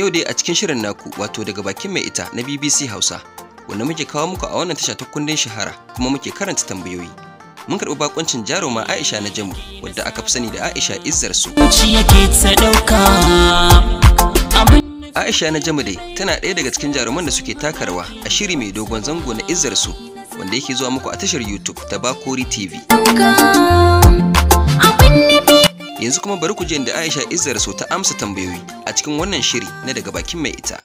Yau dai a cikin shirin naku wato daga bakin mai ita na BBC Hausa wanda muke kawo muku a wannan tasha ta kundin shahara kuma muke karanta tambayoyi. Mun karɓi bakoncin jaruma Aisha na Jamu wadda aka fi sani da Aisha Izzar su. Aisha na Jamu dai tana ɗaya daga cikin jaruman da suke taka rawa a shiri mai dogon zango na Izzar su wanda yake zuwa muku a tashar YouTube ta Bakori TV. Yanzu kuma bari ku je da Aisha Izzar so ta amsa tambayoyi a cikin wannan shiri na daga bakin mai ita.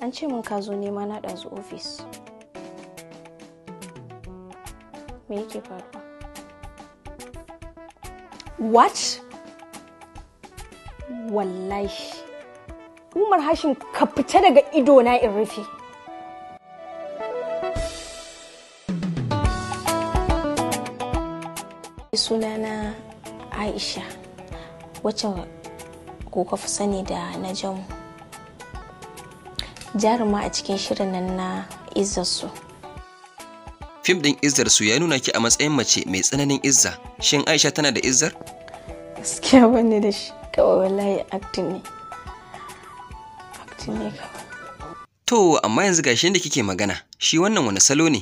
An ce mun ka zo nema na ɗazu ofis. Me yake faruwa? What? Wallahi. Umar hashin ka fita daga ido na in rufe. sunana aisha wacce kuka fi sani da na jamu jaruma a cikin shirin nan na izzarsu fim din izzarsu ya nuna ki a matsayin mace mai tsananin izza shin aisha tana da izzar gaskiya wani da shi kawai wallahi acting ne acting ne kawai to amma yanzu gashi da kike magana shi wannan wani salo ne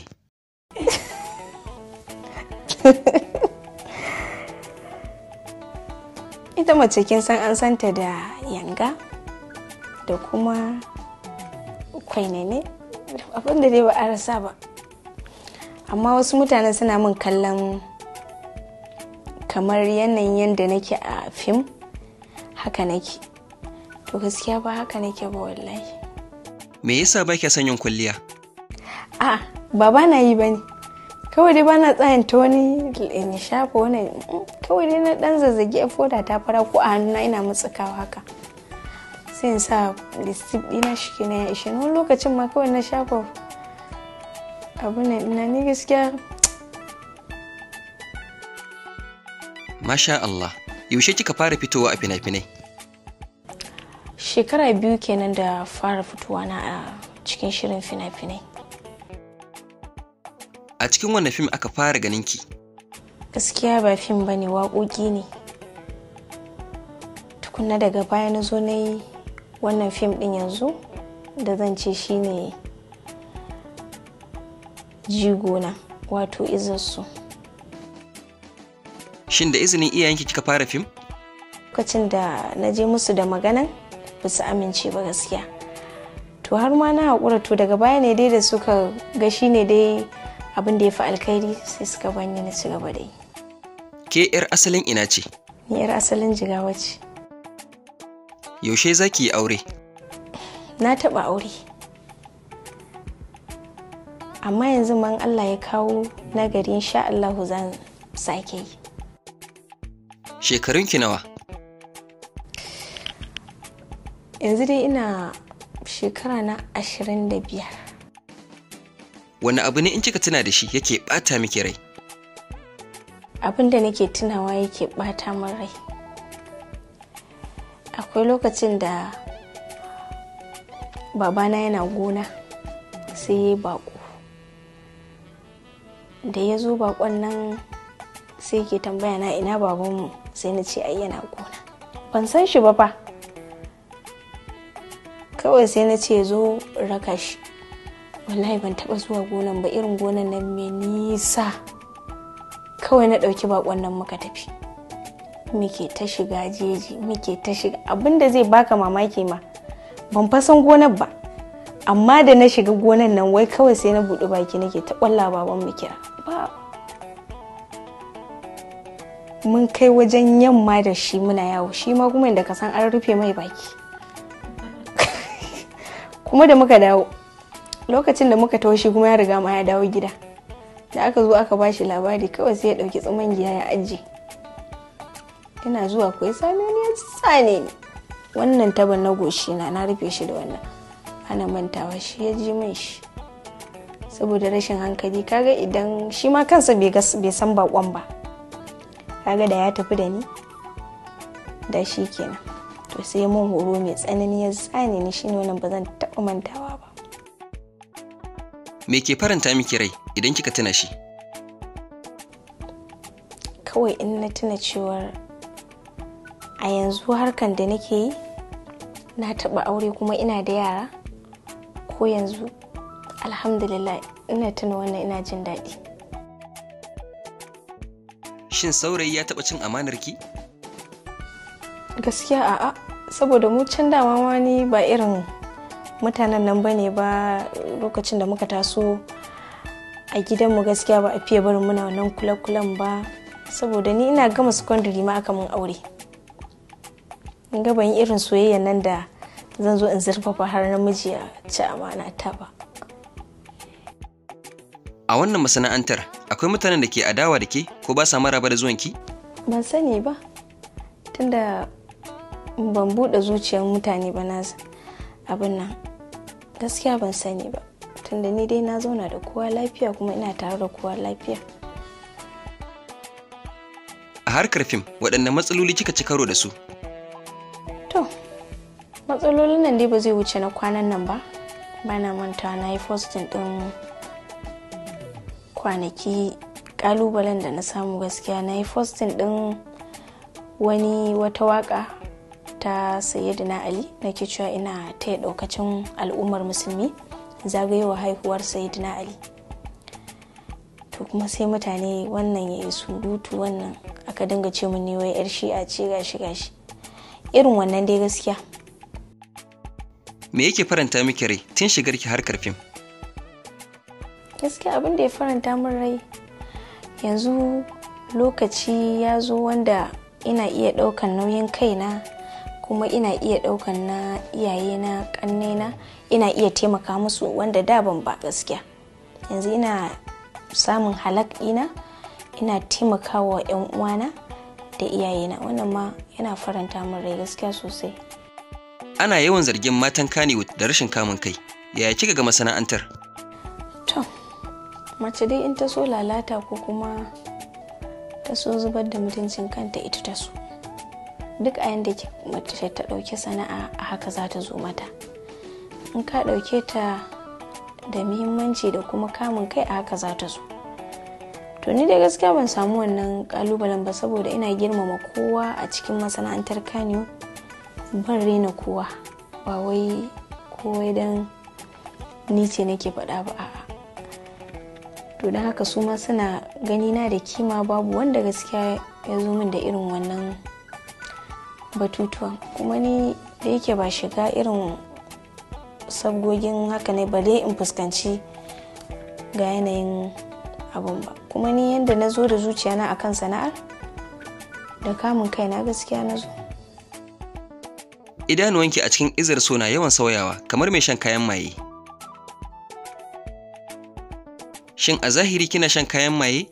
mace kin san an santa da yanga da kuma kwainene abin da dai ba a rasa ba amma wasu mutane suna min kallon kamar yanayin yadda nake a fim haka nake to gaskiya ba haka nake ba wallahi me yasa ba kya son yin kulliya a baba na yi bane kawai dai bana tsayin wani in shafa wani kawai dai na dan zazzage foda ta fara ko a na ina mutsukawa haka sai in sa listif dina shi ke ya ishe wani lokacin ma kawai na shafa abu ne ina ni gaskiya Masha Allah, yaushe kika fara fitowa a fina-finai? Shekara biyu kenan da fara fitowa na a cikin shirin fina-finai. a cikin wannan fim aka fara ganin ki gaskiya ba fim ba ne waƙoƙi ne tukunna daga baya na zo na yi wannan fim ɗin yanzu da zan ce shi ne jigona wato izinsu shin da izinin iyayenki kika fara fim lokacin da na je musu da maganan ba su amince ba gaskiya to har ma na haƙura to daga baya ne dai da suka ga shi ne dai abin da ya fi alkhairi sai suka banya na cigaba gaba da yi ke yar asalin ina ce ni yar asalin jigawa ce yaushe za ki yi aure na taɓa aure amma yanzu man allah ya kawo nagari sha allahu zan sake yi shekarunki nawa yanzu dai ina shekara na ashirin da biyar wani abu ne in kika tuna da shi yake bata miki rai abin da nake tunawa yake bata min rai akwai lokacin da babana yana gona sai ya bako da ya zo bakon nan sai ke tambaya na ina babanmu sai na ce ai yana gona ban san shi ba ba. kawai sai na ce zo raka shi wallahi ban taba zuwa gonan ba irin gonan nan mai nisa kawai na ɗauki bakon nan muka tafi muke ta shiga jeji muke ta shiga abinda zai baka mamaki ma ban fasan gonan ba amma da na shiga gonan nan wai kawai sai na buɗe baki nake ta kwalla baban mu kira ba mun kai wajen yamma da shi muna yawo shi ma kuma inda ka san an rufe mai baki kuma da muka dawo lokacin da muka toshi kuma ya riga ma ya dawo gida da aka zo aka bashi labari kawai sai ya ɗauki tsuman giya ya ajiye ina zuwa ko ya same ni ya tsane wannan taban na goshi na na rufe shi da wannan ana mantawa shi ya ji min shi saboda rashin hankali kaga idan shi ma kansa bai san bakon ba kaga da ya tafi da ni da shi kenan to sai mun horo mai tsanani ya tsane ni shine wannan ba zan taɓa mantawa me ke faranta miki rai idan kika tuna shi kawai in na tuna cewar a yanzu harkan da nake yi na taɓa aure kuma ina da yara ko yanzu alhamdulillah ina tuna wannan ina jin daɗi shin saurayi ya taɓa cin amanar ki gaskiya a'a saboda mu can dama wani ba irin mutanen nan bane ba lokacin da muka taso a gidan mu gaskiya ba a fiye barin muna wannan kulakulan ba saboda ni ina gama secondary ma aka mun aure in ga ban irin soyayya nan da zan zo in zurfafa har namiji ya ci amana ta ba a wannan masana'antar akwai mutanen da ke adawa da ke ko ba sa maraba da zuwanki ban sani ba tunda ban buɗe zuciyar mutane ba na abin nan gaskiya ban sani ba tunda ni dai na zauna da kowa lafiya kuma ina tare da kowa lafiya a harkar fim waɗanne matsaloli kika ci karo da su to matsalolin nan dai ba zai wuce na kwanan nan ba bana manta na yi fostin ɗin kwanaki ƙalubalen da na samu gaskiya na yi fostin ɗin wani wata waka ta sayyidina ali na ke cewa ina taya daukacin al'ummar musulmi zagayowa haihuwar sayyidina ali to kuma sai mutane wannan ya yi surutu wannan aka dinga ce mun wai yar shi'a ce gashi gashi irin wannan dai gaskiya me yake faranta miki rai tun shigar ki har gaskiya abin da ya faranta min rai yanzu lokaci ya zo wanda ina iya ɗaukan nauyin kaina kuma ina iya ɗaukan na iyaye na ƙannena ina iya taimaka musu wanda da ban ba gaskiya yanzu ina samun halak ɗina ina taimakawa 'yan uwana da iyayena wannan ma yana faranta min rai gaskiya sosai ana yawan zargin matan kani da rashin kamun kai yaya kika ga masana'antar to mace dai in ta so lalata ko kuma ta so zubar da mutuncin kanta ita ta so duk a yadda mace ta ɗauki sana'a a haka za ta zo mata in ka ɗauke ta da muhimmanci da kuma kamun kai a haka za ta zo to ni da gaskiya ban samu wannan kalubalen ba saboda ina girmama kowa a cikin masana'antar kano ban rena kowa ba wai kowai don ni ce nake faɗa ba a'a to don haka su ma suna ganina da kima babu wanda gaskiya ya zo min da irin wannan batutuwa kuma ni da yake ba shiga irin sabgogin haka ne bale in fuskanci ga yanayin abun ba kuma ni yadda na zo da zuciya na akan sana'ar da kamun kai na gaskiya na zo idanuwanki a cikin izar so na yawan sauyawa kamar mai shan kayan maye shin a zahiri kina shan kayan maye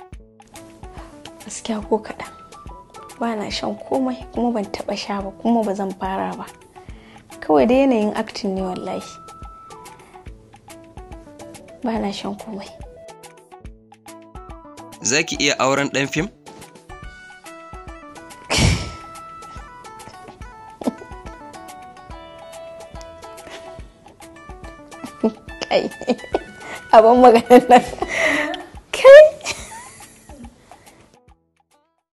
gaskiya ko kaɗan ba na shan komai kuma ban taɓa sha ba kuma ba zan fara ba kawai da yanayin aktin ne wallahi ba na shan komai za ki iya auren ɗan fim? kai abin maganin nan